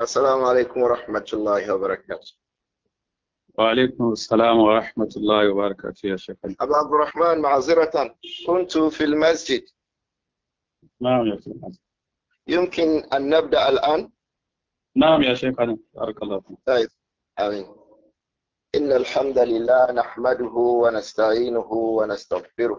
السلام عليكم ورحمة الله وبركاته وعليكم السلام ورحمة الله وبركاته يا شيخ أبا عبد الرحمن معذرة كنت في المسجد نعم يا شيخ يمكن أن نبدأ الآن نعم يا شيخ بارك الله فيك طيب آمين إن الحمد لله نحمده ونستعينه ونستغفره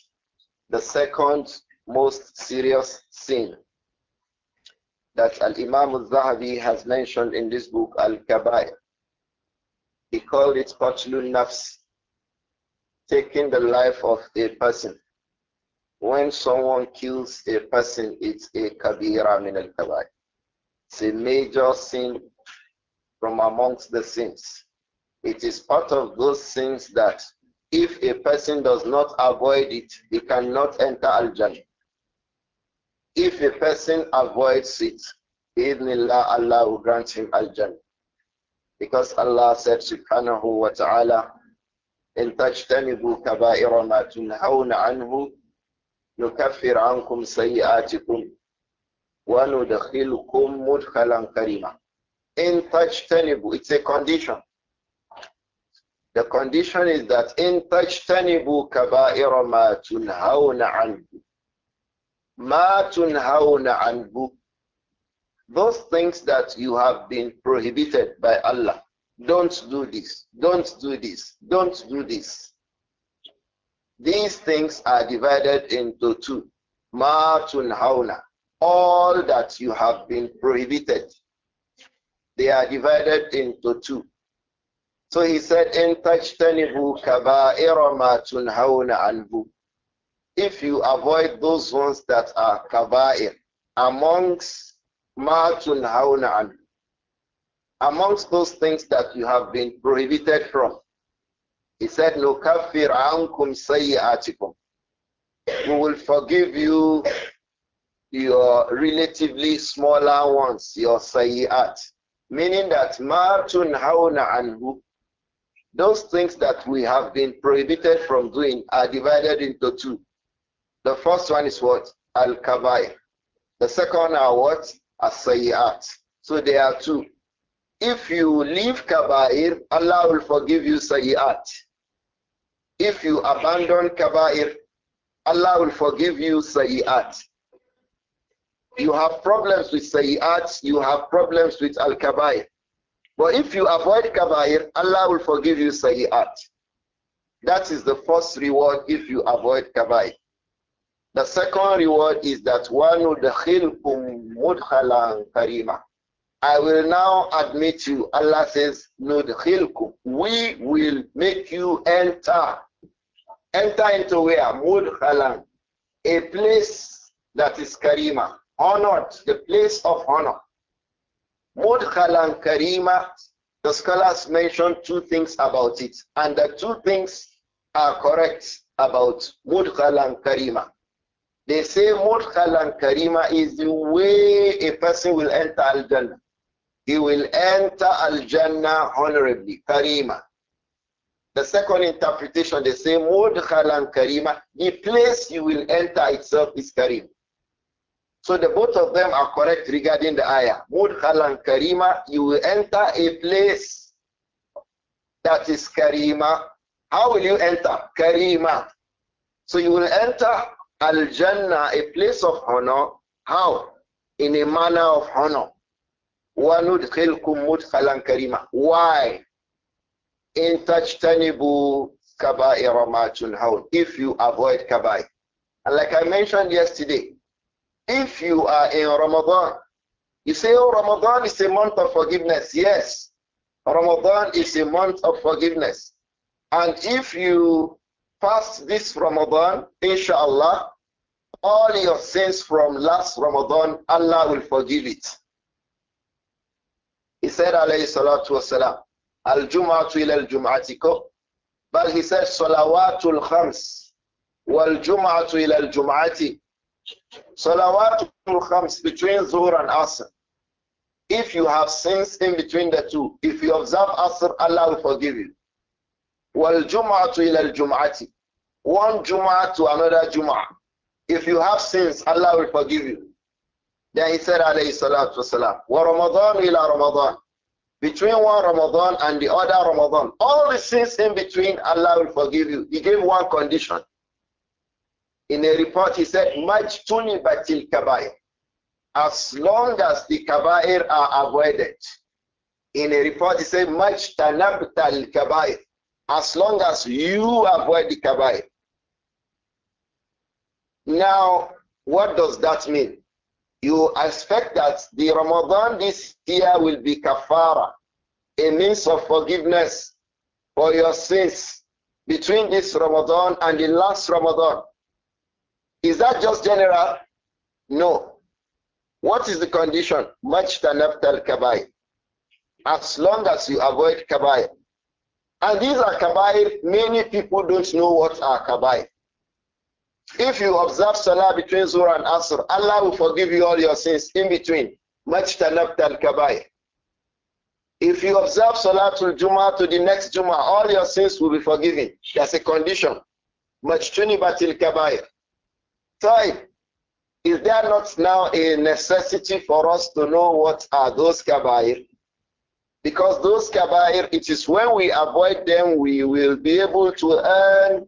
the second most serious sin that Al-Imam al-Zahabi has mentioned in this book, Al-Kabair. He called it Qatlun Nafs, taking the life of a person. When someone kills a person, it's a kabira min al-kabair. It's a major sin from amongst the sins. It is part of those sins that if a person does not avoid it, he cannot enter al-jannah. If a person avoids it, Allah, Allah will grant him al-jannah. Because Allah said, Subhanahu wa ta'ala, in tajtanibu kaba'ira ma tunhawna anhu, nukaffir ankum sayyatikum, wa nudakhilukum mudkhalan karima. In tajtanibu, it's a condition. The condition is that in tajtanibu kaba'ira ma tunhauna anhu. Ma tunhauna anhu. Those things that you have been prohibited by Allah. Don't do this. Don't do this. Don't do this. These things are divided into two. Ma tunhauna. All that you have been prohibited. They are divided into two. So he said, In tajtanibu kaba tunhauna anhu. If you avoid those ones that are kaba'ir, amongst ma tunhauna anhu, amongst those things that you have been prohibited from, he said, Nukaffir ankum sayyatikum. We will forgive you your relatively smaller ones, your sayyat. Meaning that ma tunhauna anhu, those things that we have been prohibited from doing are divided into two. The first one is what? Al Kabair. The second are what? Asayat. So there are two. If you leave Kabair, Allah will forgive you Sayyat. If you abandon Kabair, Allah will forgive you Sayyat. You have problems with Sayyat, you have problems with Al Kabair. But if you avoid kabair, Allah will forgive you sayyat. That is the first reward if you avoid kabair. The second reward is that one nudkhilkum mudkhalan karima. I will now admit you. Allah says, nudkhilkum. We will make you enter. Enter into where? Mudkhalan. A place that is karima. Honored. The place of honor. Mudkhalan Karima, the scholars mention two things about it, and the two things are correct about Mudkhalan Karima. They say Mudkhalan Karima is the way a person will enter Al Jannah. He will enter Al Jannah honorably, Karima. The second interpretation, they say Mudkhalan Karima, the place you will enter itself is Karim. So the both of them are correct regarding the ayah. Mudhalan karima, you will enter a place that is karima. How will you enter? Karima. So you will enter al-jannah, a place of honor. How? In a manner of honor. وَنُدْخِلْكُمْ مُدْخَلًا كَرِيمًا Why? In تَجْتَنِبُوا كَبَائِرَ مَا تُنْهَوْنَ If you avoid kabai. And like I mentioned yesterday, if you are in Ramadan, you say, oh, Ramadan is a month of forgiveness. Yes, Ramadan is a month of forgiveness. And if you fast this Ramadan, inshallah, all your sins from last Ramadan, Allah will forgive it. He said, alayhi salatu wasalam, al-jum'atu ila al-jum'atiko. But he said, salawatul khams, wal-jum'atu ila al-jum'ati. Salawatul Khams between Zuhr and Asr. If you have sins in between the two, if you observe Asr, Allah will forgive you. Wal Jum'atu ila Jum'ati. One Jum'ah to another Jum'ah. If you have sins, Allah will forgive you. Then he said, alayhi salatu wasalam, wa Ramadan ila Ramadan. Between one Ramadan and the other Ramadan. All the sins in between, Allah will forgive you. He gave one condition. In a report, he said, Majtuni batil kabair. As long as the kabair are avoided. In a report, he said, Majtanabta al kabair. As long as you avoid the kabair. Now, what does that mean? You expect that the Ramadan this year will be kafara, a means of forgiveness for your sins between this Ramadan and the last Ramadan. Is that just general? No. What is the condition? Much al kabai. As long as you avoid kabai. And these are kabai. many people don't know what are kabai. If you observe salah between Zuhr and Asr, Allah will forgive you all your sins in between. Much al kabai. If you observe Salatul Jummah to the next Juma, all your sins will be forgiven. That's a condition. Majtunibatil kabair. So, is there not now a necessity for us to know what are those kabair? Because those kabair, it is when we avoid them, we will be able to earn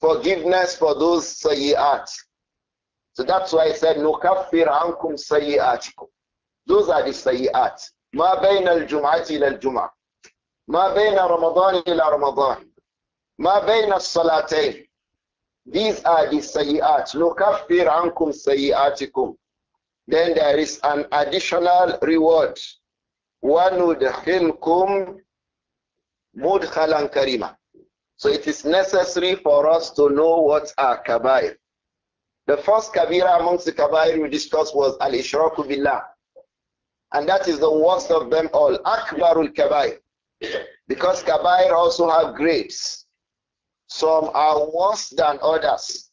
forgiveness for those sayyat. So that's why I said, نُكَفِّرْ عَنْكُمْ سَيِّئَاتِكُمْ Those are the sayyat. مَا al الْجُمْعَةِ إِلَى الْجُمْعَةِ Ma بين رمضان ila رمضان Ma بين salatay. These are the sayyat. Nukaffir ankum sayyatikum. Then there is an additional reward. وَنُدْخِلْكُمْ مُدْخَلًا karima. So it is necessary for us to know what are kabair. The first kabira amongst the kabair we discussed was al-ishraku billah. And that is the worst of them all. Akbarul kabair. Because kabair also have grades. Some are worse than others.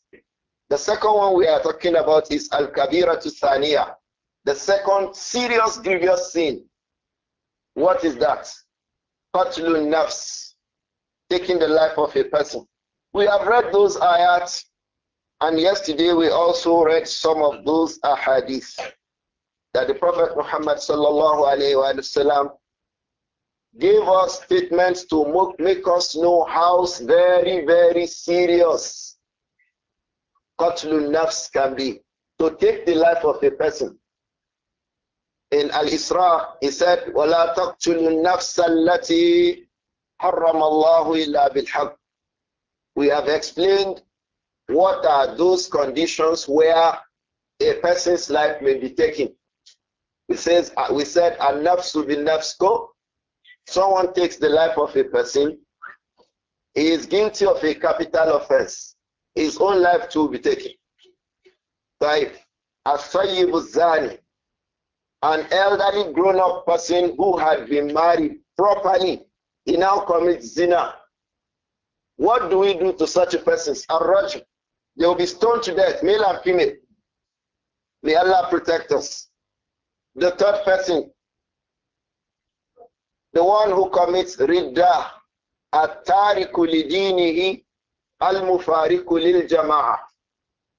The second one we are talking about is Al Kabira to Thaniya, the second serious grievous sin. What is that? Qatlun nafs, taking the life of a person. We have read those ayats, and yesterday we also read some of those ahadith that the Prophet Muhammad sallallahu alayhi wasallam gave us statements to make us know how very, very serious Qatlun nafs can be. To take the life of a person. In Al Isra, he said, وَلَا تَقْتُلُوا النَّفْسَ الَّتِي حَرَّمَ اللَّهُ إِلَّا بِالْحَقِّ We have explained what are those conditions where a person's life may be taken. He says, we said, النَّفْسُ بِالنَّفْسُ someone takes the life of a person, he is guilty of a capital offense. His own life too will be taken. Taif, Asayibu Zani, an elderly grown up person who had been married properly, he now commits zina. What do we do to such a person? Arraj, they will be stoned to death, male and female. May Allah protect us. The third person, the one who commits riddah, at-tariku lidinihi, al-mufariku lil jama'ah.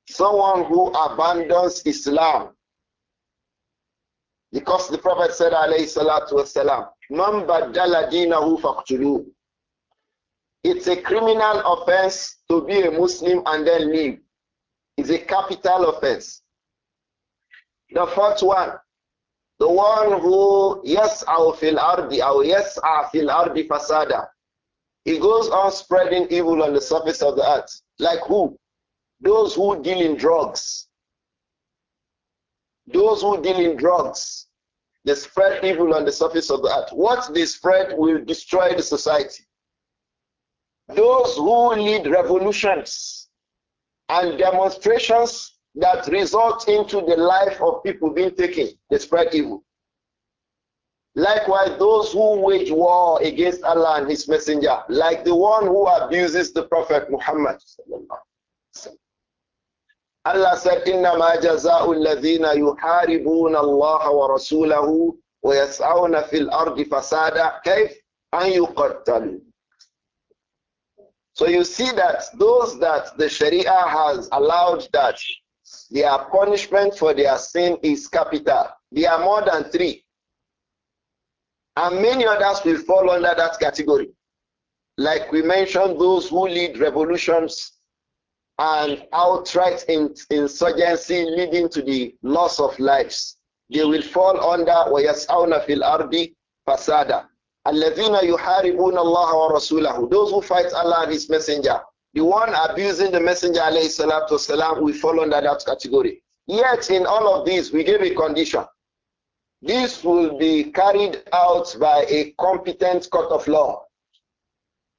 Someone who abandons Islam. Because the Prophet said, alayhi salatu wasalam, man badala dinahu faqtuluhu. It's a criminal offense to be a Muslim and then leave. It's a capital offense. The fourth one, the one who yas'aw fil ardi aw yas'a fil ardi fasada. He goes on spreading evil on the surface of the earth. Like who? Those who deal in drugs. Those who deal in drugs. They spread evil on the surface of the earth. What they spread will destroy the society. Those who lead revolutions and demonstrations that result into the life of people being taken, they spread evil. Likewise, those who wage war against Allah and His Messenger, like the one who abuses the Prophet Muhammad. Allah said, إنما جزاء الذين يحاربون الله ورسوله ويسعون في الأرض فسادا كيف أن يقتلوا So you see that those that the Sharia has allowed that their punishment for their sin is capital. They are more than three. And many others will fall under that category. Like we mentioned, those who lead revolutions and outright insurgency leading to the loss of lives. They will fall under وَيَسْعَوْنَ فِي الْأَرْضِ فَسَادًا الَّذِينَ يُحَارِبُونَ اللَّهَ وَرَسُولَهُ Those who fight Allah and His Messenger the one abusing the Messenger والسلام, will fall under that category. Yet in all of these, we gave a condition. This will be carried out by a competent court of law.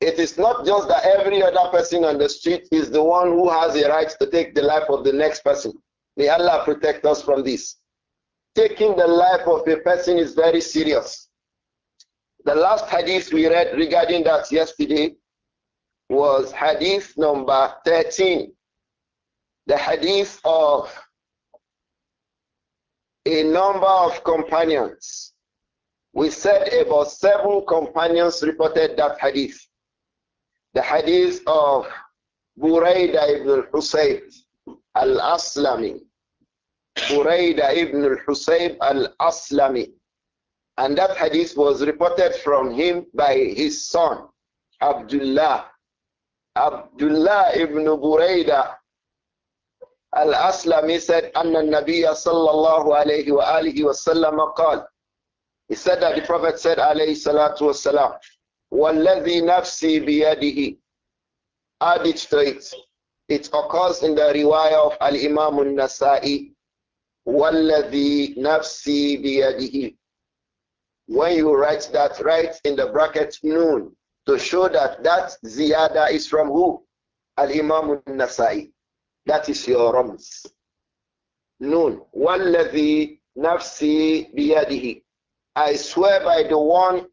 It is not just that every other person on the street is the one who has a right to take the life of the next person. May Allah protect us from this. Taking the life of a person is very serious. The last hadith we read regarding that yesterday was hadith number 13, the hadith of a number of companions. We said about seven companions reported that hadith. The hadith of Buraida ibn al-Husayb al-Aslami. Buraida ibn al-Husayb al-Aslami. And that hadith was reported from him by his son, Abdullah Abdullah ibn Buraida al-Aslami said, Anna Nabiya sallallahu alayhi wa alihi sallam He said that the Prophet said, alayhi salatu wa salam, وَالَّذِي نَفْسِي بِيَدِهِ Add it to it. occurs in the riwayah of Al-Imam al-Nasa'i, وَالَّذِي نَفْسِي بِيَدِهِ When you write that, write in the bracket noon to show that that ziyada is from who? Al Imam Nasai. That is your Rams. Noon. Wallahi nafsi biyadihi. I swear by the one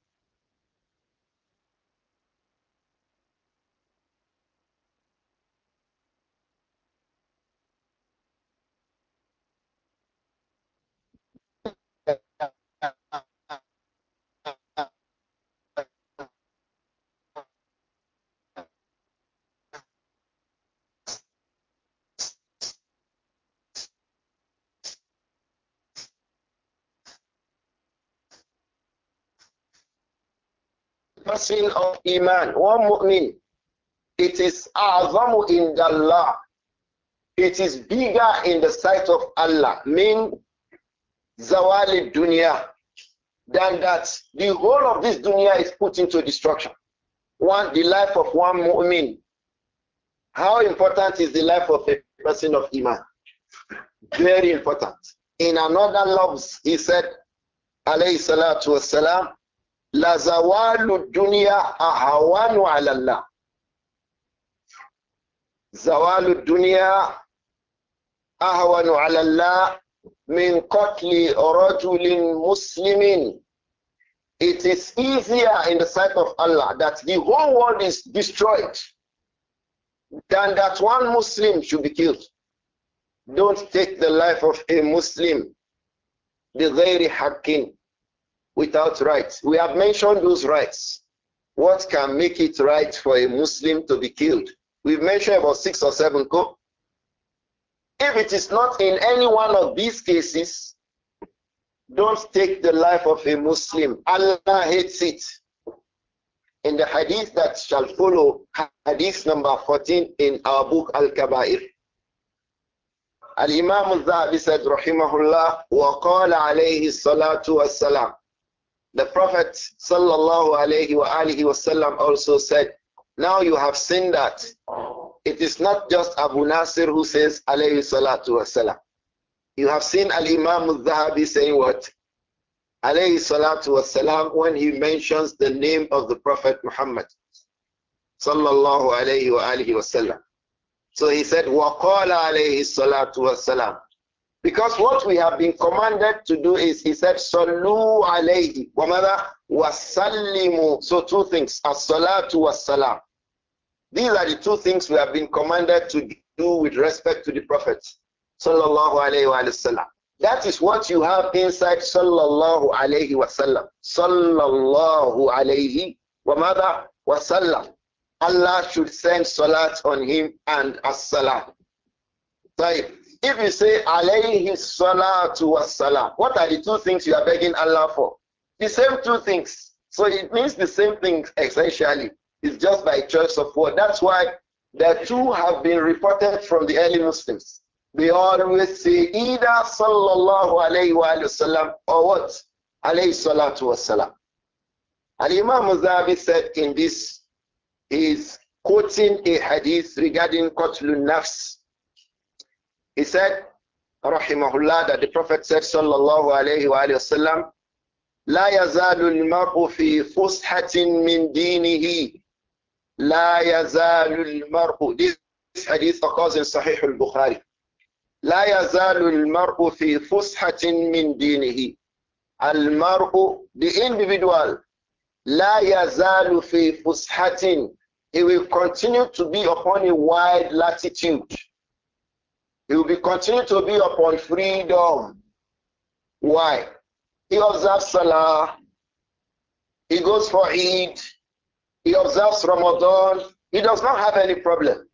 sin of Iman, one mu'min, it is a'zamu in Allah. It is bigger in the sight of Allah. Mean zawali dunya. Than that, the whole of this dunya is put into destruction. One, the life of one mu'min. How important is the life of a person of iman? Very important. In another loves, he said, alayhi salatu wasalam, Lazawalu dunya ahawanu ala Allah. Zawalu dunya ahawanu ala Allah min qatli rajulin muslimin. It is easier in the sight of Allah that the whole world is destroyed than that one Muslim should be killed. Don't take the life of a Muslim. بغير حق without rights. We have mentioned those rights. What can make it right for a Muslim to be killed? We've mentioned about six or seven. Co- if it is not in any one of these cases, don't take the life of a Muslim. Allah hates it. In the hadith that shall follow, hadith number 14 in our book Al Kabair. Al Imam al Zahabi said, Rahimahullah, wa qala alayhi salatu wassalam. The Prophet sallallahu also said, now you have seen that it is not just Abu Nasir who says alayhi salatu wasalam. You have seen Al-Imam al saying what? Alayhi salatu wasalam when he mentions the name of the Prophet Muhammad sallallahu alayhi wa alihi wasallam. So he said, وَقَالَ عَلَيْهِ because what we have been commanded to do is, he said, Salu alayhi. wa wasallimu. So two things, as-salatu was-salam. These are the two things we have been commanded to do with respect to the Prophet. Sallallahu alayhi wa sallam. That is what you have inside Sallallahu alayhi wa sallam. Sallallahu alayhi wa mada sallam. Allah should send salat on him and as-salam. Type. If you say alayhi salatu was salam, what are the two things you are begging Allah for? The same two things. So it means the same thing essentially. It's just by choice of word. That's why the two have been reported from the early Muslims. They always say either sallallahu alayhi wa sallam or what? Alayhi salatu was salam. And Imam Muzabi said in this, is quoting a hadith regarding Qatlun Nafs he said, rahimahullah, that the Prophet said, sallallahu Alaihi Wasallam, لا يزال المرء في فسحة من دينه لا يزال المرء This hadith occurs in Sahih al-Bukhari لا يزال المرء في فسحة من دينه المرء the individual لا يزال في فسحة he will continue to be upon a wide latitude he will be continued to be upon freedom. Why? He observes Salah. He goes for Eid. He observes Ramadan. He does not have any problem.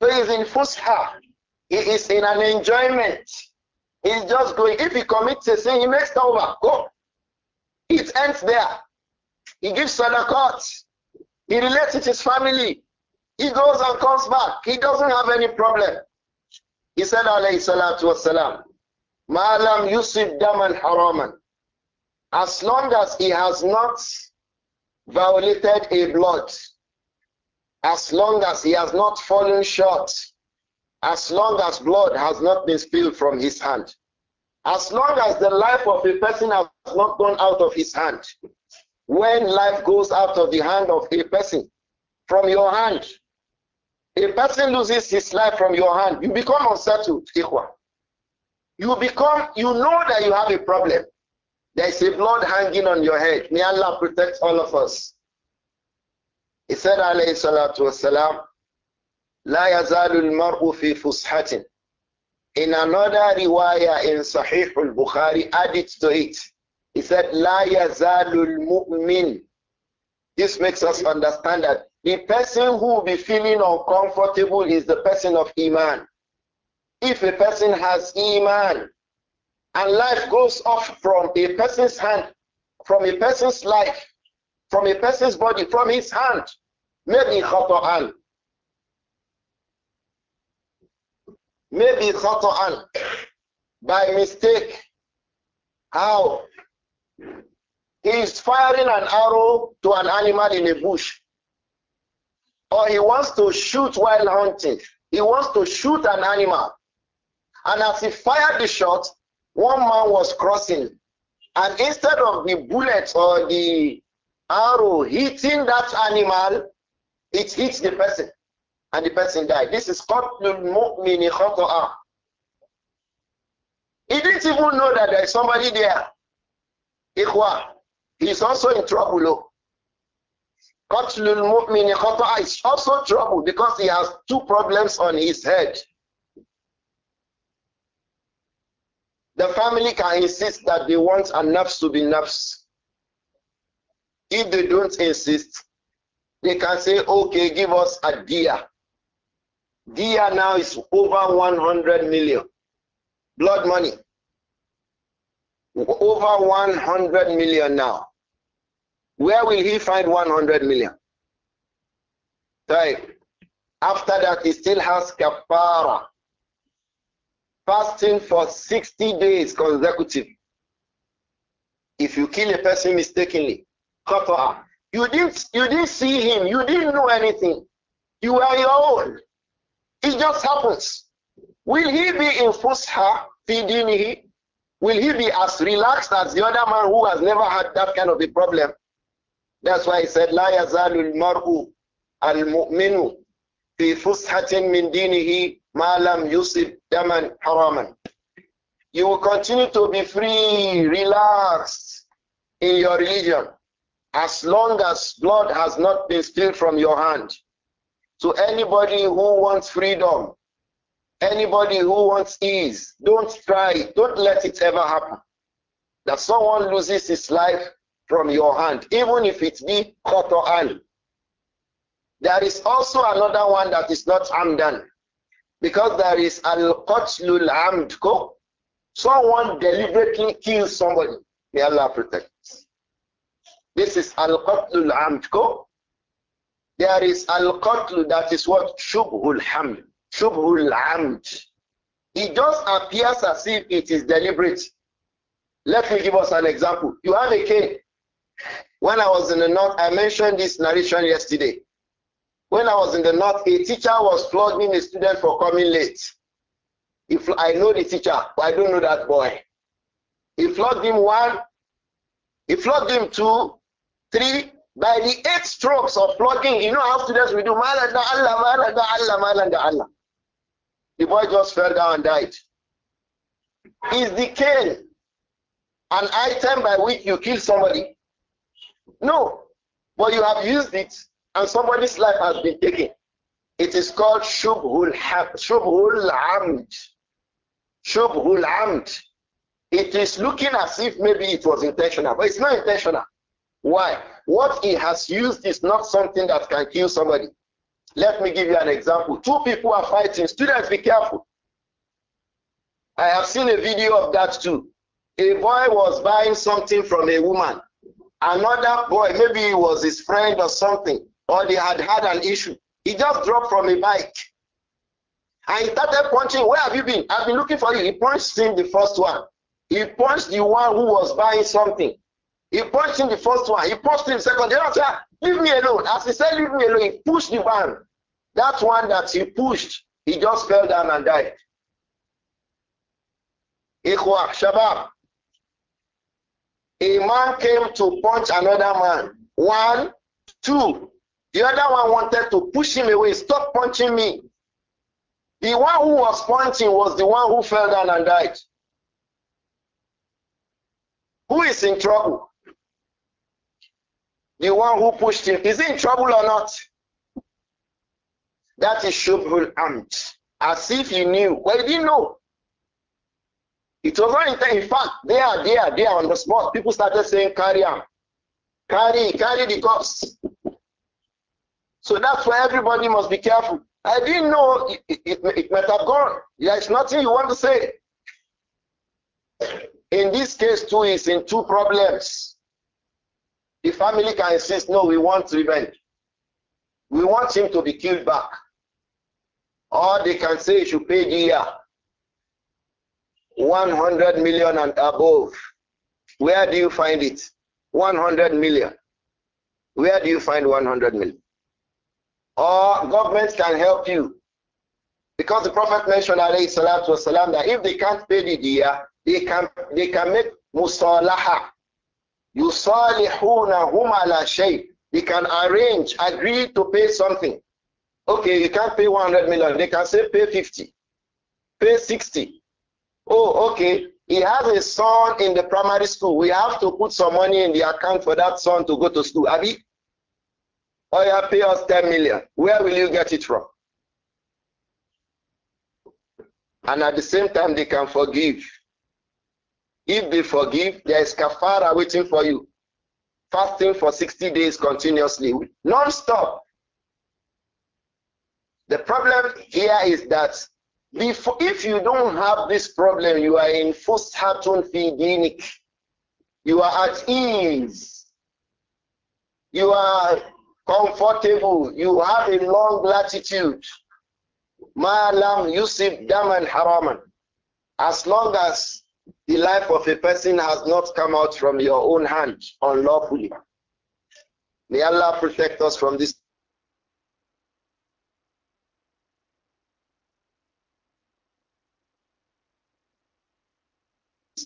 So He is in fusha. He is in an enjoyment. He's just going. If he commits a sin, he makes over. Go. It ends there. He gives sadaqat. He relates to his family. He goes and comes back. He doesn't have any problem. He said, alayhi salatu wasalam, Ma'alam Yusuf Daman Haraman. As long as he has not violated a blood, as long as he has not fallen short, as long as blood has not been spilled from his hand, as long as the life of a person has not gone out of his hand, when life goes out of the hand of a person, from your hand, a person loses his life from your hand. You become unsettled, You become, you know that you have a problem. There is a blood hanging on your head. May Allah protect all of us. He said, alayhi salatu wasalam, La yazalul المرء fi fushatin. In another riwayah in Sahih al-Bukhari, added to it. He said, "La yazalul mu'min." This makes us understand that the person who will be feeling uncomfortable is the person of Iman. If a person has Iman and life goes off from a person's hand, from a person's life, from a person's body, from his hand, maybe khata'an. Maybe khata'an. By mistake. How? He is firing an arrow to an animal in a bush or he wants to shoot while hunting. He wants to shoot an animal. And as he fired the shot, one man was crossing. And instead of the bullet or the arrow hitting that animal, it hits the person. And the person died. This is Qatl He didn't even know that there is somebody there. He is also in trouble. Qatlul mu'mini khata'a is also trouble because he has two problems on his head. The family can insist that they want a nafs to be nafs. If they don't insist, they can say, okay, give us a dia. Dia now is over 100 million. Blood money. Over 100 million now. Where will he find 100 million? Right. After that, he still has kafara. Fasting for 60 days consecutive. If you kill a person mistakenly, kafara. You didn't, you didn't see him. You didn't know anything. You were your own. It just happens. Will he be in fusha, feeding me? Will he be as relaxed as the other man who has never had that kind of a problem? That's why he said, لا يزال المرء المؤمن في فسحة من دينه ما لم يصب دما حراما. You will continue to be free, relaxed in your religion as long as blood has not been spilled from your hand. So anybody who wants freedom, anybody who wants ease, don't try Don't let it ever happen. That someone loses his life from your hand, even if it be hand, There is also another one that is not Amdan, because there is Al Qatlul Amdko. Someone deliberately kills somebody. May Allah protect This is Al Qatlul Amdko. There is Al Qatl, that is what? Shubhul Hamd. Shubhul Amd. It just appears as if it is deliberate. Let me give us an example. You have a cane. When I was in the north, I mentioned this narration yesterday. When I was in the north, a teacher was flogging a student for coming late. If I know the teacher, but I don't know that boy. He flogged him one, he flogged him two, three. By the eight strokes of flogging, you know how students we do. Malanda Allah, malanda Allah, malanda Allah. The boy just fell down and died. Is the cane an item by which you kill somebody? No. But you have used it and somebody's life has been taken. It is called Shubhul, shubhul Amd. Shubhul Amd. It is looking as if maybe it was intentional, but it's not intentional. Why? What he has used is not something that can kill somebody. Let me give you an example. Two people are fighting. Students, be careful. I have seen a video of that too. A boy was buying something from a woman. Another boy, maybe he was his friend or something, or they had had an issue. He just dropped from a bike. And he started punching. Where have you been? I've been looking for you. He punched him the first one. He punched the one who was buying something. He punched him the first one. He punched him second. The other one, leave me alone. As he said, leave me alone, he pushed the van. That one that he pushed, he just fell down and died. Ikhwa, Shabab, a man came to punch another man. One, two. The other one wanted to push him away. Stop punching me. The one who was punching was the one who fell down and died. Who is in trouble? The one who pushed him. Is he in trouble or not? That is shameful Amt. As if he knew. Well, he didn't know. It was not in, in fact, they are there, they are on the spot. People started saying, carry on. Carry, carry the cups. So that's why everybody must be careful. I didn't know it, it, it, might have gone. Yeah, it's nothing you want to say. In this case, too, is in two problems. The family can insist, no, we want revenge. We want him to be killed back. Or they can say "You should pay the year. 100 million and above. Where do you find it? 100 million. Where do you find 100 million? Or governments can help you. Because the Prophet mentioned that if they can't pay the dia, they can they can make musalaha. Yusalihunahum ala shay. They can arrange, agree to pay something. Okay, you can't pay 100 million. They can say pay 50, pay 60, Oh, okay. He has a son in the primary school. We have to put some money in the account for that son to go to school. Abi, or oh, you pay us 10 million. Where will you get it from? And at the same time, they can forgive. If they forgive, there is kafara waiting for you. Fasting for 60 days continuously, non stop. The problem here is that before, if you don't have this problem, you are in fushatun fi dinik. You are at ease. You are comfortable. You have a long latitude. Ma'alam Yusuf daman haraman. As long as the life of a person has not come out from your own hand unlawfully. May Allah protect us from this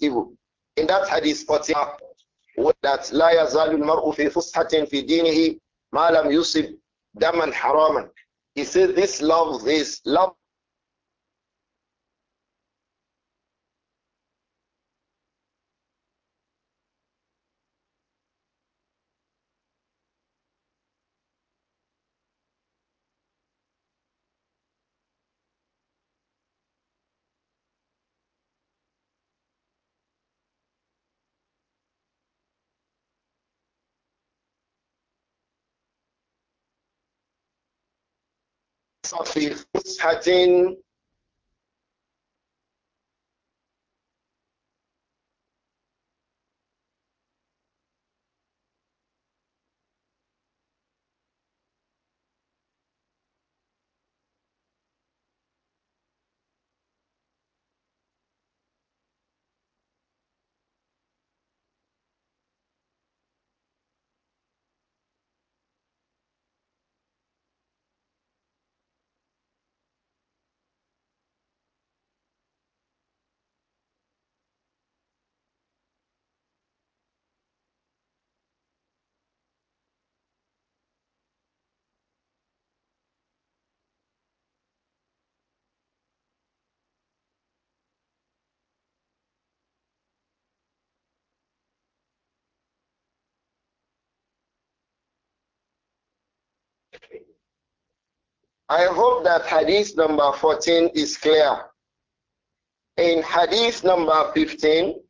evil. In that hadith 40, that لا يزال المرء في فسحة في دينه ما لم يصب دما حراما. He said this love, this love فِي فُسْحَةٍ I hope that hadith number 14 is clear. In hadith number 15,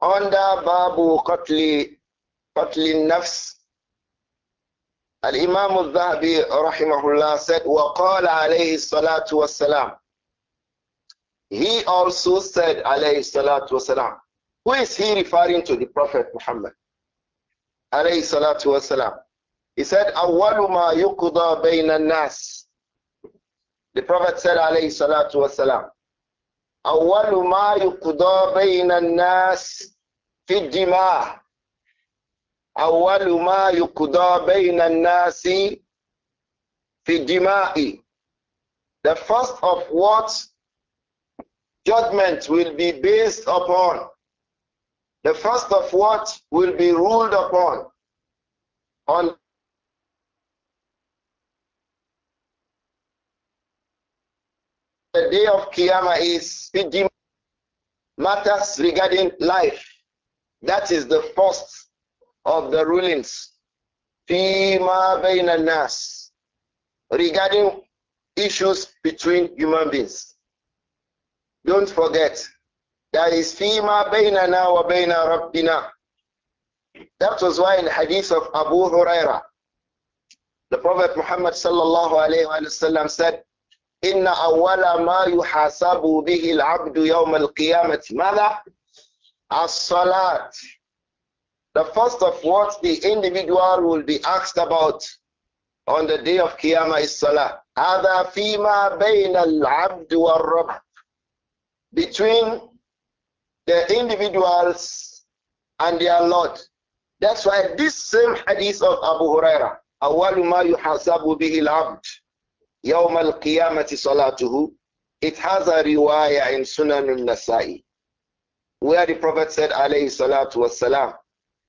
under Babu Qatli, Qatli Nafs, Al-Imam al zahabi rahimahullah said, وَقَالَ عَلَيْهِ الصَّلَاةُ وَالسَّلَامُ He also said, alayhi salatu salam." Who is he referring to? The Prophet Muhammad. Alayhi salatu salam. He said, أَوَّلُ مَا يُقْضَى nas The Prophet said, alayhi salatu wasalam, أَوَّلُ مَا يُقْضَى nas النَّاسِ فِي الدِّمَاءِ أَوَّلُ مَا يُقْضَى بَيْنَ النَّاسِ The first of what judgment will be based upon. The first of what will be ruled upon on the day of Qiyamah is matters regarding life. That is the first of the rulings. Fima bayna nas regarding issues between human beings. Don't forget that is fima baynana wa bayna rabbina. That was why in hadith of Abu Huraira, the Prophet Muhammad sallallahu alayhi wa sallam said, إن أول ما يحاسب به العبد يوم القيامة ماذا؟ الصلاة The first of what the individual will be asked about on the day of Qiyamah is Salah. هذا فيما بين العبد والرب Between the individuals and their Lord. That's why this same hadith of Abu Huraira, أول ما يحاسب به العبد يوم القيامة صلاته it has a riwayah in Sunan al-Nasa'i where the Prophet said alayhi salatu wa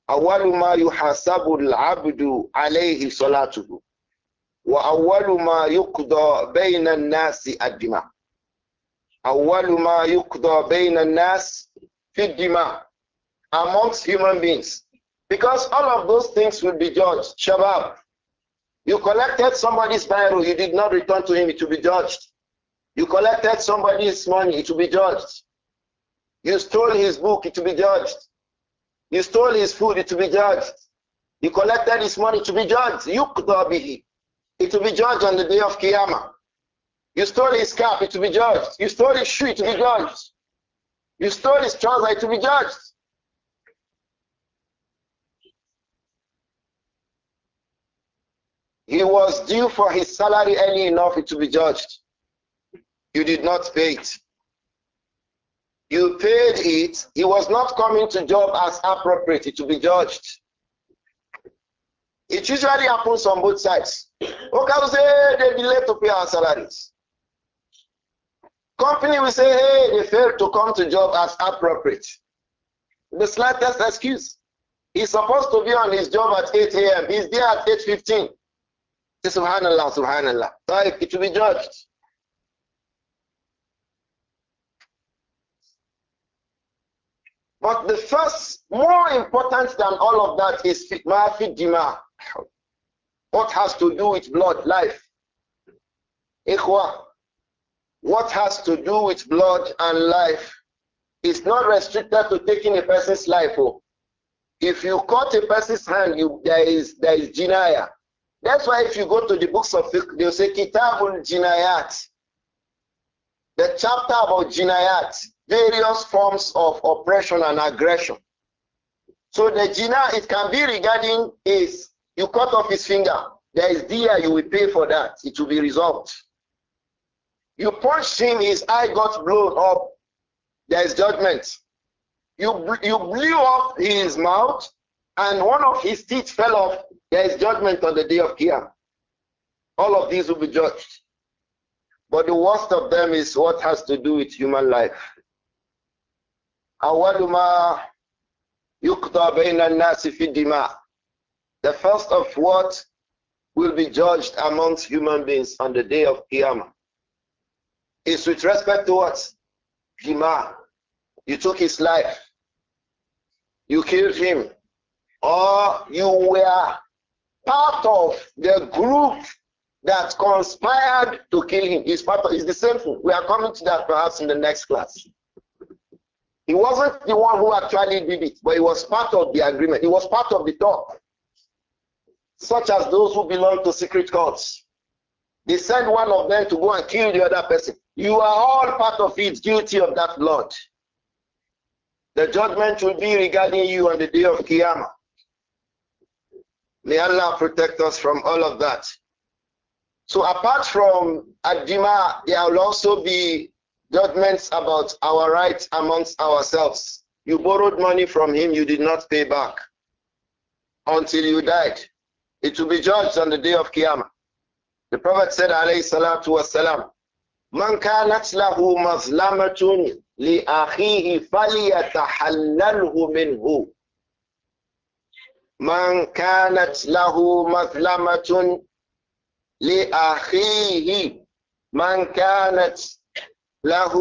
أول ما يحاسب العبد عليه صلاته وأول ما يقضى بين الناس الدماء أول ما يقضى بين الناس في الدماء amongst human beings because all of those things will be judged shabab you collected somebody's pyro, you did not return to him, it will be judged. You collected somebody's money, it will be judged. You stole his book, it will be judged. You stole his food, it will be judged. You collected his money, To be judged. You could not Yukdabihi. It will be judged on the day of Qiyamah. You stole his cap, it will be judged. You stole his shoe, it will be judged. You stole his trousers. it will be judged. He was due for his salary early enough to be judged. You did not pay it. You paid it. He was not coming to job as appropriate to be judged. It usually happens on both sides. Okay, we say they delayed to pay our salaries. Company will say, hey, they failed to come to job as appropriate. The slightest excuse. He's supposed to be on his job at 8 a.m. He's there at 8.15 subhanallah, subhanallah. Taif, it will be judged. But the first, more important than all of that is dima. What has to do with blood, life? Ikhwa. What has to do with blood and life is not restricted to taking a person's life. Oh. If you cut a person's hand, you, there is there is jinaya. That's why if you go to the books of fiqh, they'll say Kitabul Jinayat, the chapter about Jinayat, various forms of oppression and aggression. So the Jina, it can be regarding is you cut off his finger. There is dia, you will pay for that. It will be resolved. You punched him, his eye got blown up. There is judgment. You, you blew off his mouth, and one of his teeth fell off. There is judgment on the day of Kiyam. All of these will be judged. But the worst of them is what has to do with human life. The first of what will be judged amongst human beings on the day of Qiyamah is with respect to what? Jima. You took his life. You killed him. Or you were part of the group that conspired to kill him. He's part of, it's the same thing. We are coming to that perhaps in the next class. He wasn't the one who actually did it, but he was part of the agreement. He was part of the talk, such as those who belong to secret cults. They send one of them to go and kill the other person. You are all part of it, guilty of that blood. The judgment will be regarding you on the day of Qiyamah. May Allah protect us from all of that. So apart from Adima, there will also be judgments about our rights amongst ourselves. You borrowed money from him, you did not pay back until you died. It will be judged on the day of Qiyamah. The Prophet said, alayhi salatu wasalam, Man kanat lahu mazlamatun li akhihi minhu. من كانت له مظلمة لأخيه من كانت له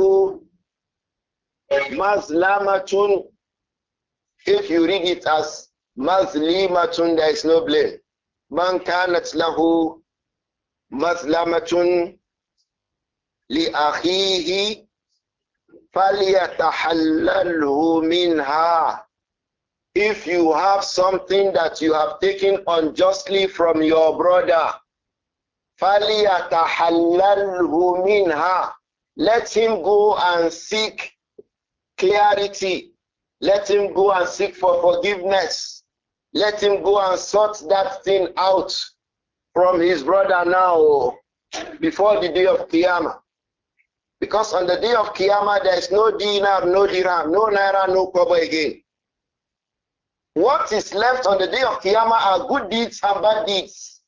مظلمة if you read it as مظلمة there is no blame من كانت له مظلمة لأخيه فليتحلله منها If you have something that you have taken unjustly from your brother, فَلْيَتَحَلَّلْهُ مِنْهَا Let him go and seek clarity. Let him go and seek for forgiveness. Let him go and sort that thing out from his brother now before the day of Qiyamah. Because on the day of Qiyamah, there is no dinar, no dirham, no naira, no kobo again. What is left on the day of Qiyamah are good deeds and bad deeds.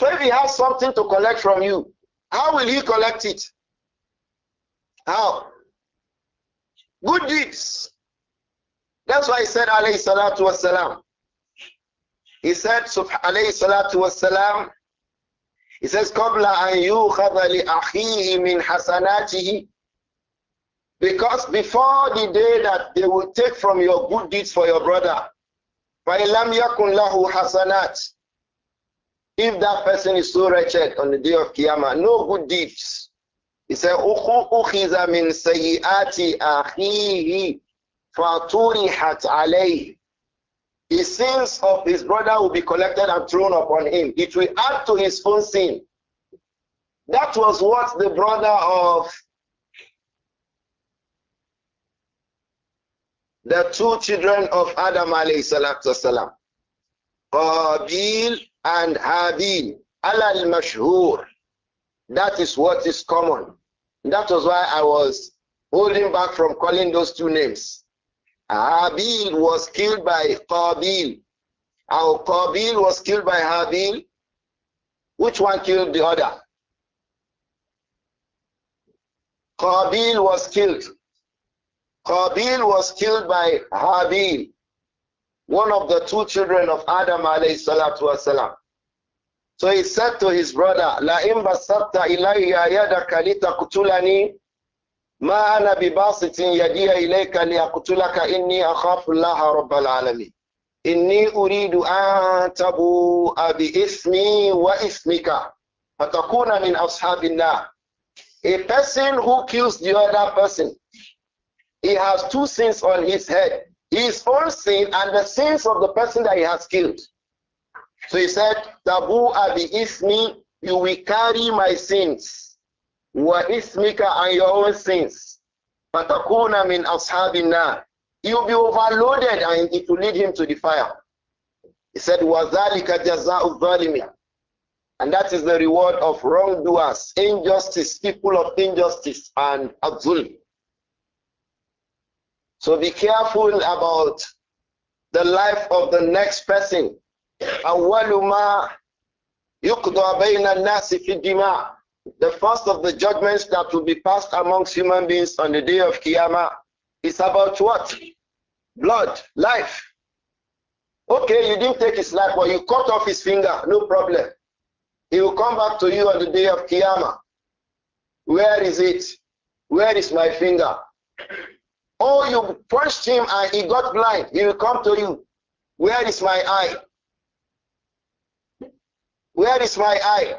So if he has something to collect from you, how will he collect it? How? Good deeds. That's why he said, alayhi salatu wasalam. He said, alayhi salatu wasalam, he says, قَبْلَ أَنْ يُوْخَذَ لِأَخِيهِ مِنْ حَسَنَاتِهِ because before the day that they will take from your good deeds for your brother, فَإِلَمْ يَكُنْ لَهُ حَسَنَاتٍ If that person is so wretched on the day of Qiyamah, no good deeds. He said, أُخِذَ مِنْ سَيِّئَاتِ أَخِيهِ فَطُرِحَتْ عَلَيْهِ The sins of his brother will be collected and thrown upon him. It will add to his own sin. That was what the brother of the two children of Adam alayhi salatu wasalam, Qabil and Habil, alal mashhur. That is what is common. That was why I was holding back from calling those two names. Habil was killed by Qabil. Our Qabil was killed by Habil. Which one killed the other? Qabil was killed Qabil was killed by Habil, one of the two children of Adam alayhi salatu wasalam. So he said to his brother, La imbasatta ilayya yadaka kutulani ma ana bibasitin yadiya ilayka liyakutulaka inni akhafu Allah rabbal alamin. إني أريد أن abi ismi wa ismika fatakuna min النار. A person who kills the other person he has two sins on his head his own sin and the sins of the person that he has killed. So he said, Tabu abi ismi, you will carry my sins. Wa ismika and your own sins. Fatakuna min ashabina. You'll be overloaded and it will lead him to the fire. He said, Wazalika jaza'u zalimi. And that is the reward of wrongdoers, injustice, people of injustice, and abzul. So be careful about the life of the next person. The first of the judgments that will be passed amongst human beings on the day of Qiyamah is about what? Blood, life. Okay, you didn't take his life, but you cut off his finger, no problem. He will come back to you on the day of Qiyamah. Where is it? Where is my finger? Or oh, you punched him and he got blind. He will come to you. Where is my eye? Where is my eye?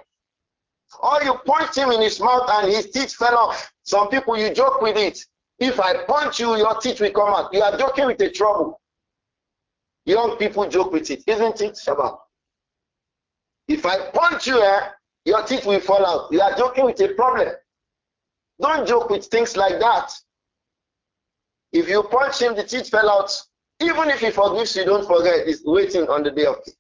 Or oh, you punch him in his mouth and his teeth fell off. Some people, you joke with it. If I punch you, your teeth will come out. You are joking with the trouble. Young people joke with it, isn't it, Shaba? If I punch you, eh, your teeth will fall out. You are joking with a problem. Don't joke with things like that. If you punch him, the teeth fell out. Even if he forgives you, don't forget, he's waiting on the day of it.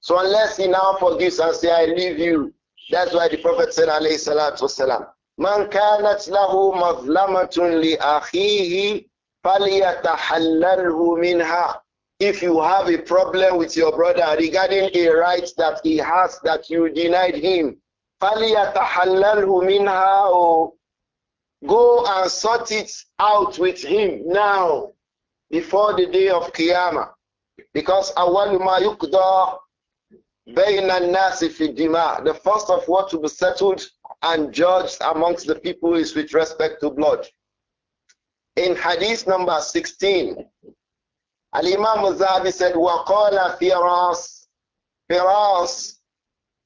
So unless he now forgives and say, I leave you, that's why the Prophet said, alayhi salatu wasalam, Man kanat lahu mazlamatun li akhihi falyatahallalhu minha. If you have a problem with your brother regarding a right that he has that you denied him, falyatahallalhu minha, or oh, Go and sort it out with him now before the day of Qiyamah. Because the first of what to be settled and judged amongst the people is with respect to blood. In hadith number 16, Al Imam said, Waqala Firas. Firas,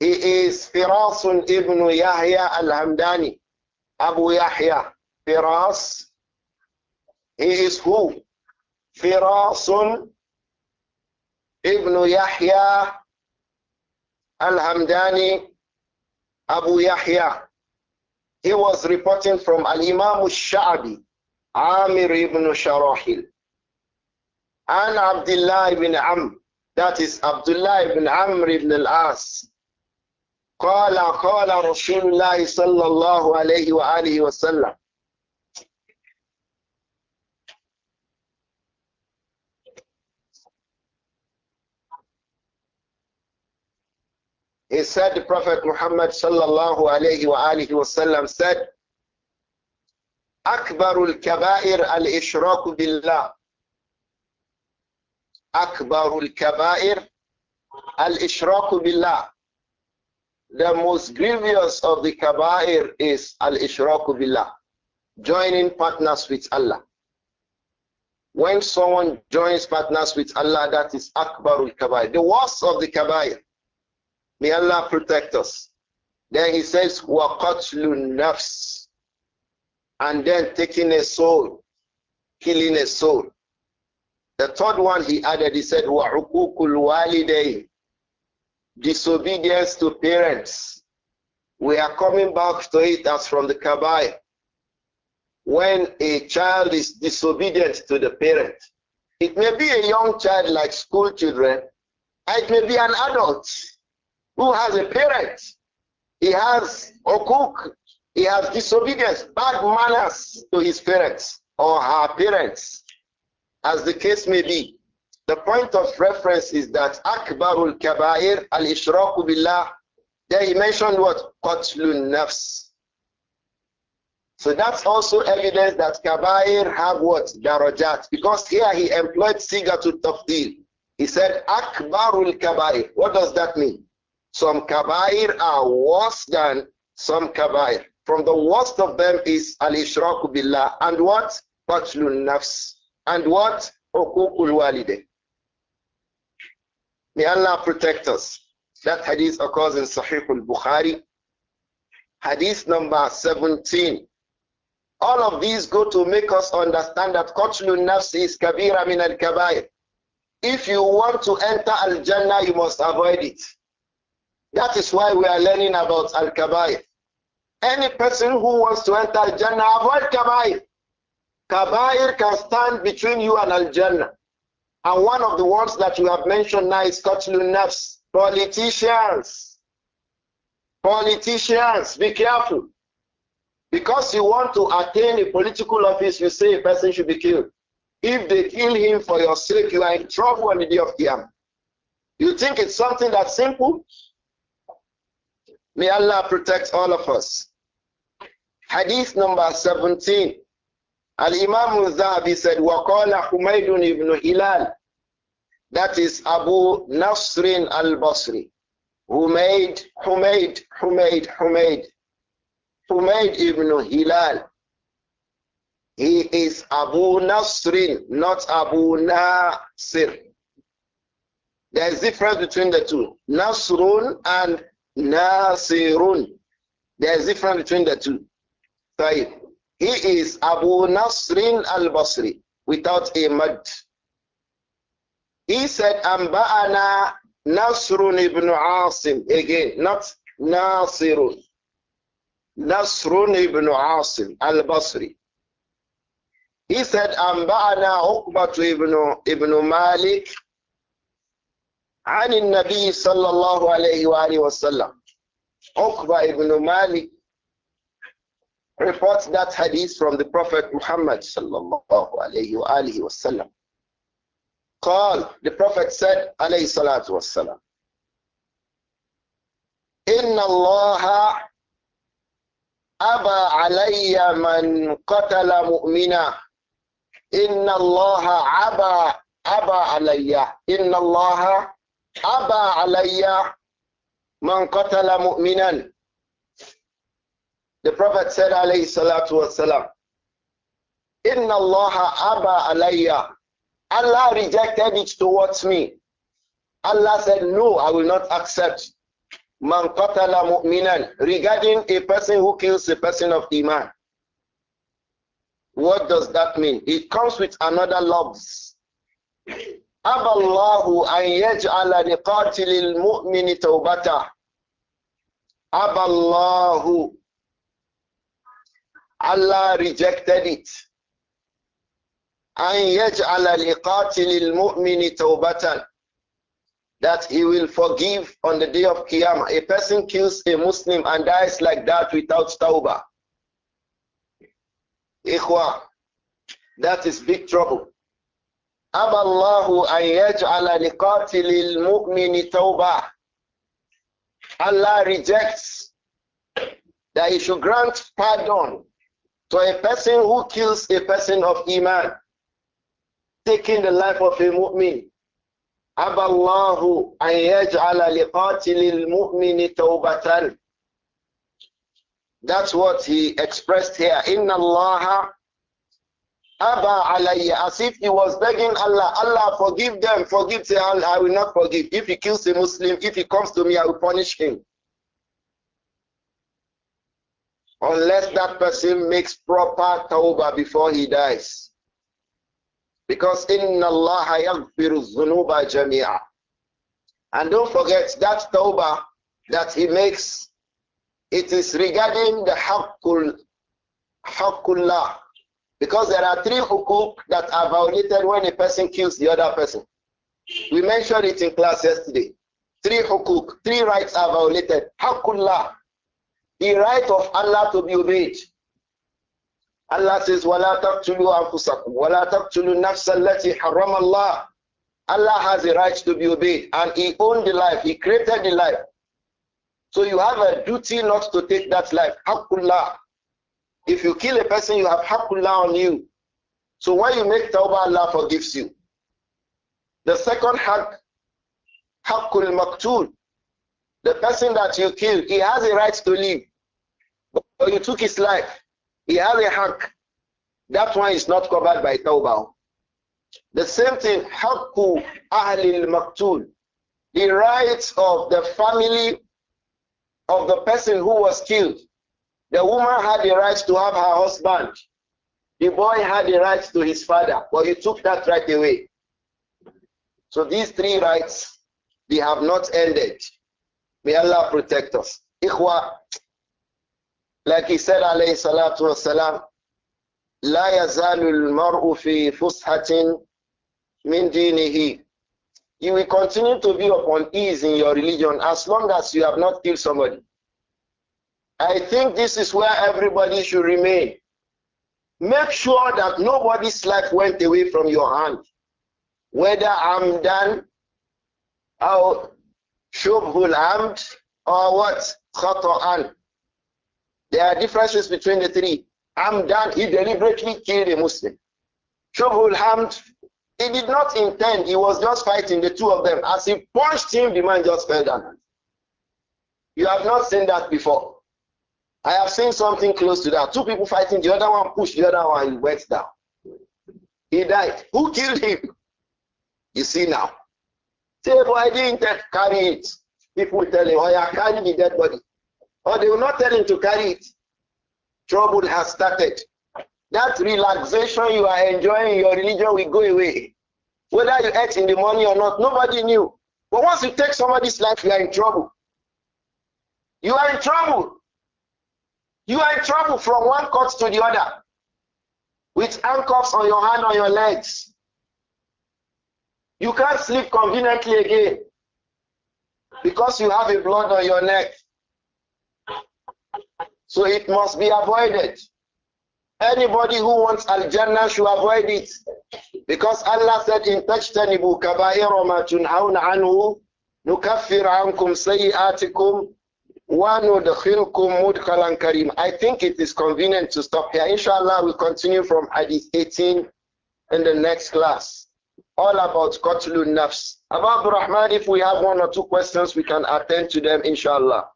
he is Firasun ibn Yahya al Hamdani. Abu Yahya Firas. He is who? Firasun Ibn Yahya Al-Hamdani Abu Yahya. He was reporting from Al-Imam Al-Sha'bi, Amir ibn Sharahil. And Abdullah ibn Amr, that is Abdullah ibn Amr ibn Al-As, قال قال رسول الله صلى الله عليه وآله وسلم He said, the Prophet Muhammad sallallahu alayhi wa alihi wasallam said, أكبر الكبائر الإشراك بالله أكبر الكبائر الإشراك بالله the most grievous of the kaba'ir is al-ishraku billah, joining partners with Allah. When someone joins partners with Allah, that is akbarul kaba'ir, the worst of the kaba'ir. May Allah protect us. Then he says, wa qatlun nafs, and then taking a soul, killing a soul. The third one he added, he said, wa uqukul walidayn, disobedience to parents. We are coming back to it as from the Kabbalah. When a child is disobedient to the parent, it may be a young child like school children, it may be an adult who has a parent. He has a cook. He has disobedience, bad manners to his parents or her parents, as the case may be. The point of reference is that Akbarul Kabair al ishraqu Billah. There he mentioned what? Qatlun Nafs. So that's also evidence that Kabair have what? Darajat. Because here he employed Siga to Tafdil. He said Akbarul Kabair. What does that mean? Some Kabair are worse than some Kabair. From the worst of them is Al ishraqu Billah. And what? Qatlun Nafs. And what? Hukukul May Allah protect us. That hadith occurs in Sahih al-Bukhari. Hadith number 17. All of these go to make us understand that Qatlun Nafs is Kabira min al-Kabair. If you want to enter Al-Jannah, you must avoid it. That is why we are learning about Al-Kabair. Any person who wants to enter Al-Jannah, avoid Kabair. Kabair can stand between you and Al-Jannah. And one of the words that you have mentioned now is Kotlun Nafs, politicians. Politicians, be careful. Because you want to attain a political office, you say a person should be killed. If they kill him for your sake, you are in trouble on the day of Qiyam. You think it's something that simple? May Allah protect all of us. Hadith number 17. Al-Imam al-Zahabi said, وَقَالَ حُمَيْدٌ ibn Hilal that is Abu Nasrin al-Basri. who made Humaid Humaid Humaid Humaid ibn Hilal. He is Abu Nasrin, not Abu Nasir. There is difference between the two. Nasrun and Nasirun. There is difference between the two. So he is Abu Nasrin al-Basri without a mud. He said, Amba'ana Nasrun ibn Asim. Again, not Nasirun. Nasrun ibn Asim al Basri. He said, Amba'ana Uqbatu ibn, ibn Malik عن النبي صلى الله عليه وآله وسلم Uqba ibn Malik reports that hadith from the Prophet Muhammad sallallahu alayhi عليه وآله wasallam. قال, the Prophet said, عليه الصلاة والسلام إن الله أبى علي من قتل مؤمنا إن الله أبى أبى علي إن الله أبى علي من قتل مؤمنا The Prophet said عليه الصلاة والسلام إن الله أبى علي Allah rejected it towards me. Allah said, No, I will not accept. Man qatala mu'minan, regarding a person who kills a person of Iman. What does that mean? It comes with another lobs. Aballahu an yaj'ala liqatilil mu'mini tawbata. Aballahu. Allah rejected it. أن يجعل لقاتل المؤمن توبة that he will forgive on the day of Qiyamah. A person kills a Muslim and dies like that without taubah. Ikhwa, that is big trouble. أبى الله أن يجعل لقاتل المؤمن توبة. Allah rejects that he should grant pardon to a person who kills a person of Iman taking the life of a mu'min. أبى الله أن يجعل لقاتل المؤمن توبة. That's what he expressed here. إن الله Abba alayya, as if he was begging Allah, Allah forgive them, forgive them. I will not forgive. If he kills a Muslim, if he comes to me, I will punish him. Unless that person makes proper tawbah before he dies. Because in Allah يَغْفِرُ الذُّنُوبَ Jamia, And don't forget that tawbah that he makes, it is regarding the haqqul, haqqullah. Because there are three hukuk that are violated when a person kills the other person. We mentioned it in class yesterday. Three hukuk, three rights are violated. Haqqullah, the right of Allah to be obeyed. Allah says, وَلَا تَقْتُلُوا أَنفُسَكُمْ وَلَا تَقْتُلُوا النَّفْسَ الَّتِي حَرَّمَ اللَّهُ Allah has a right to be obeyed and He owned the life, He created the life. So you have a duty not to take that life. Hakullah. If you kill a person, you have hakullah on you. So when you make tawbah, Allah forgives you. The second hak, hakul maktul. The person that you kill, he has a right to live. But you took his life. He has a hak. That one is not covered by tawbah. The same thing, hakku ahlil maktul. The rights of the family of the person who was killed. The woman had the right to have her husband. The boy had the right to his father, but he took that right away. So these three rights, they have not ended. May Allah protect us. Ikhwa, like he said, alayhi salatu wasalam, لا يزال المرء في فسحة من دينه. You will continue to be upon ease in your religion as long as you have not killed somebody. I think this is where everybody should remain. Make sure that nobody's life went away from your hand. Whether I'm done, or shubhul amd, or what? Khata'an. There are differences between the three. Amdan, he deliberately killed a Muslim. Shubhul Hamd, he did not intend, he was just fighting the two of them. As he punched him, the man just fell down. You have not seen that before. I have seen something close to that. Two people fighting, the other one pushed the other one, he went down. He died. Who killed him? You see now. Say, but I didn't carry it. People tell him, oh, I carry the dead body. Or they will not tell him to carry it. Trouble has started. That relaxation you are enjoying, your religion will go away. Whether you ate in the morning or not, nobody knew. But once you take somebody's life, you are in trouble. You are in trouble. You are in trouble from one court to the other with handcuffs on your hand, on your legs. You can't sleep conveniently again because you have a blood on your neck. So it must be avoided. Anybody who wants Al Jannah should avoid it. Because Allah said, In tajtanibu kabaira ma tunhauna anhu, nukaffir ankum sayyatikum, wa nudkhilkum mudkhalan karim. I think it is convenient to stop here. Inshallah, we'll continue from Hadith 18 in the next class. All about Qatlun Nafs. About Rahman, if we have one or two questions, we can attend to them, inshallah.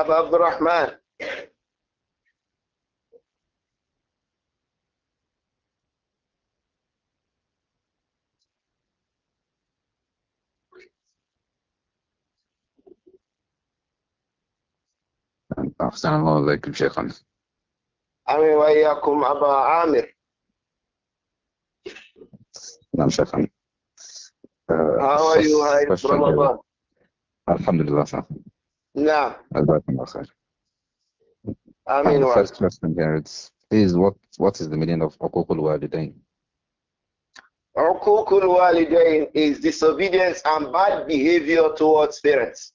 أبا عبد الرحمن أحسن الله شيخنا أمي وإياكم أبا عامر نعم شيخنا How are you? How is Ramadan? Alhamdulillah, sir. No. I mean, first question here please what what is the meaning of Okokul Walidain? Okokul Walidain is disobedience and bad behavior towards parents.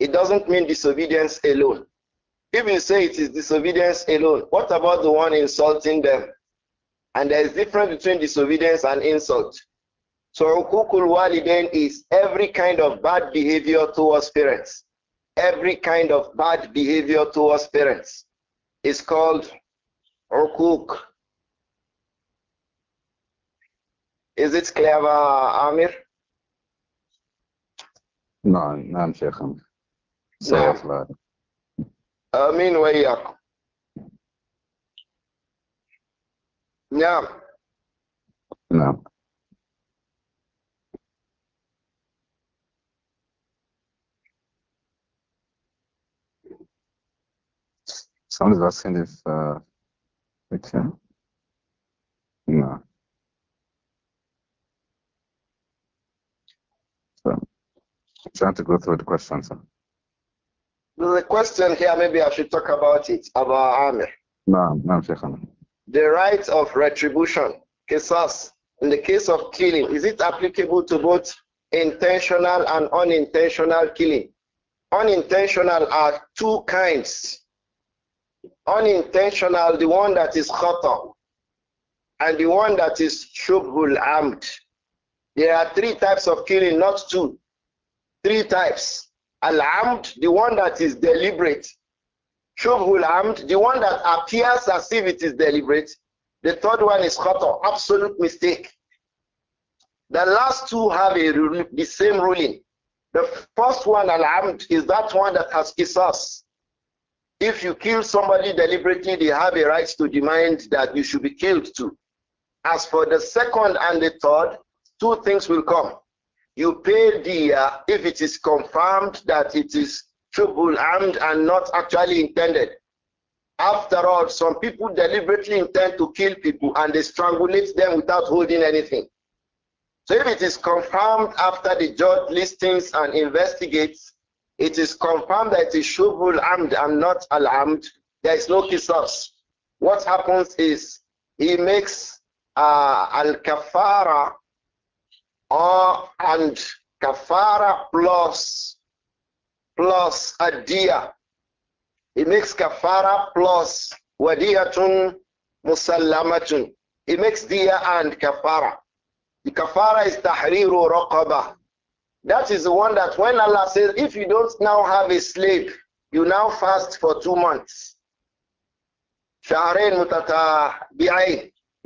It doesn't mean disobedience alone. If you say it is disobedience alone, what about the one insulting them? And there is difference between disobedience and insult. So Okokul Walidain is every kind of bad behavior towards parents every kind of bad behavior towards parents is called ukuk. Is it clever, Amir? No, no, Sheikh. So, Amin وإياكم. No. No. Someone is asking if uh, okay. No. So, trying to go through the questions. There's The question here. Maybe I should talk about it about Amir. No, no, Sheikhana. The right of retribution, kisas, in the case of killing, is it applicable to both intentional and unintentional killing? Unintentional are two kinds unintentional, the one that is khata, and the one that is shubhul amd. There are three types of killing, not two. Three types. Al amd, the one that is deliberate. Shubhul amd, the one that appears as if it is deliberate. The third one is khata, absolute mistake. The last two have a, the same ruling. The first one, al amd, is that one that has kisas if you kill somebody deliberately, they have a right to demand that you should be killed too. As for the second and the third, two things will come. You pay the uh, if it is confirmed that it is triple armed and not actually intended. After all, some people deliberately intend to kill people and they strangulate them without holding anything. So if it is confirmed after the judge listens and investigates, it is confirmed that it is Shubul Amd and not Al Amd. There is no kisas. What happens is he makes uh, Al Kafara or and Kafara plus plus Adia. He makes Kafara plus Wadiyatun Musallamatun. He makes Dia and Kafara. The Kafara is Tahriru Raqabah that is the one that when Allah says, if you don't now have a slave, you now fast for two months. You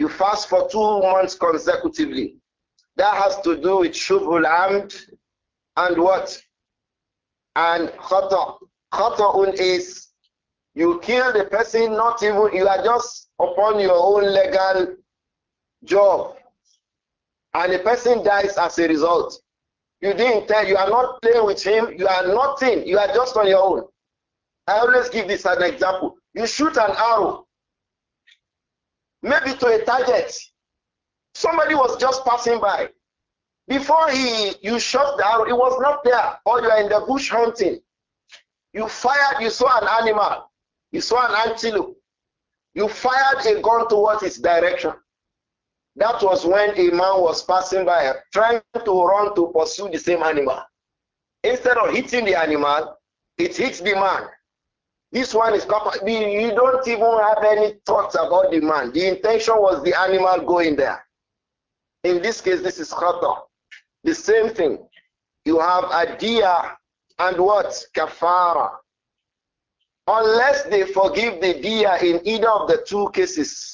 fast for two months consecutively. That has to do with shubhul amd and what? And khata. Khata'un is you kill the person, not even, you are just upon your own legal job. And the person dies as a result. You didn't tell, you are not playing with him, you are nothing, you are just on your own. I always give this as an example. You shoot an arrow, maybe to a target. Somebody was just passing by. Before he you shot the arrow, it was not there, or you are in the bush hunting. You fired, you saw an animal, you saw an antelope, you fired a gun towards its direction. That was when a man was passing by trying to run to pursue the same animal. Instead of hitting the animal, it hits the man. This one is you don't even have any thoughts about the man. The intention was the animal going there. In this case, this is khata. The same thing. You have adia and what? Kafara. Unless they forgive the deer in either of the two cases,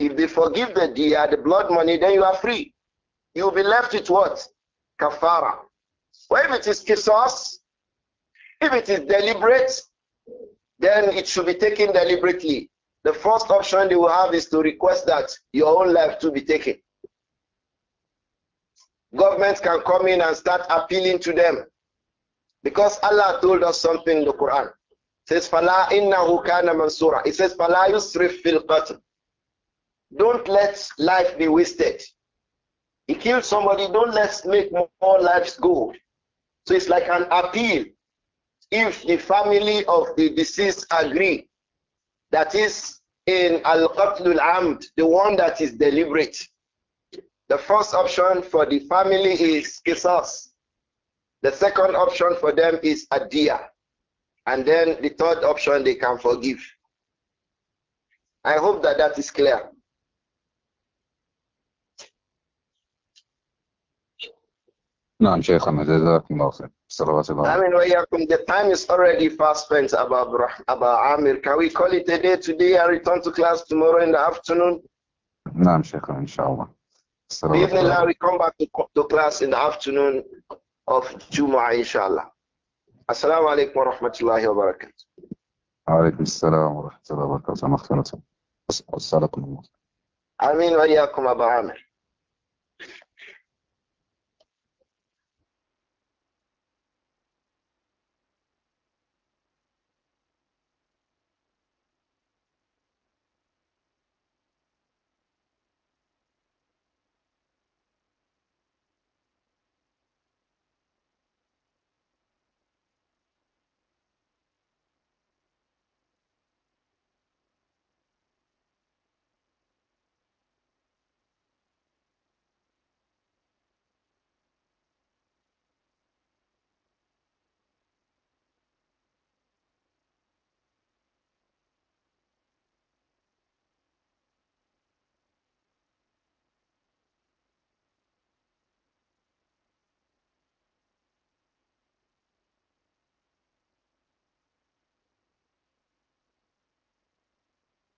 if they forgive the dia, uh, the blood money, then you are free. You'll be left with what? Kafara. Well, if it is kisos, if it is deliberate, then it should be taken deliberately. The first option they will have is to request that your own life to be taken. Governments can come in and start appealing to them. Because Allah told us something in the Quran. It says, Fala innahu kana mansura. It says, Fala yusrif fil don't let life be wasted. He killed somebody, don't let's make more lives go. So it's like an appeal. If the family of the deceased agree, that is in Al-Qatlul Amd, the one that is deliberate. The first option for the family is kisas. The second option for them is Adia. And then the third option, they can forgive. I hope that that is clear. نعم شيخنا جزاكم الله خير صلوات الله آمين وإياكم the time is already fast spent about about Amir can we call it a day today and return to class tomorrow in the afternoon نعم شيخنا إن شاء الله بإذن الله we come back to, to class in the afternoon of Jumu'ah إن شاء الله السلام عليكم ورحمة الله وبركاته وعليكم السلام ورحمة الله وبركاته مغفرة وصلكم الله آمين وياكم أبا عامر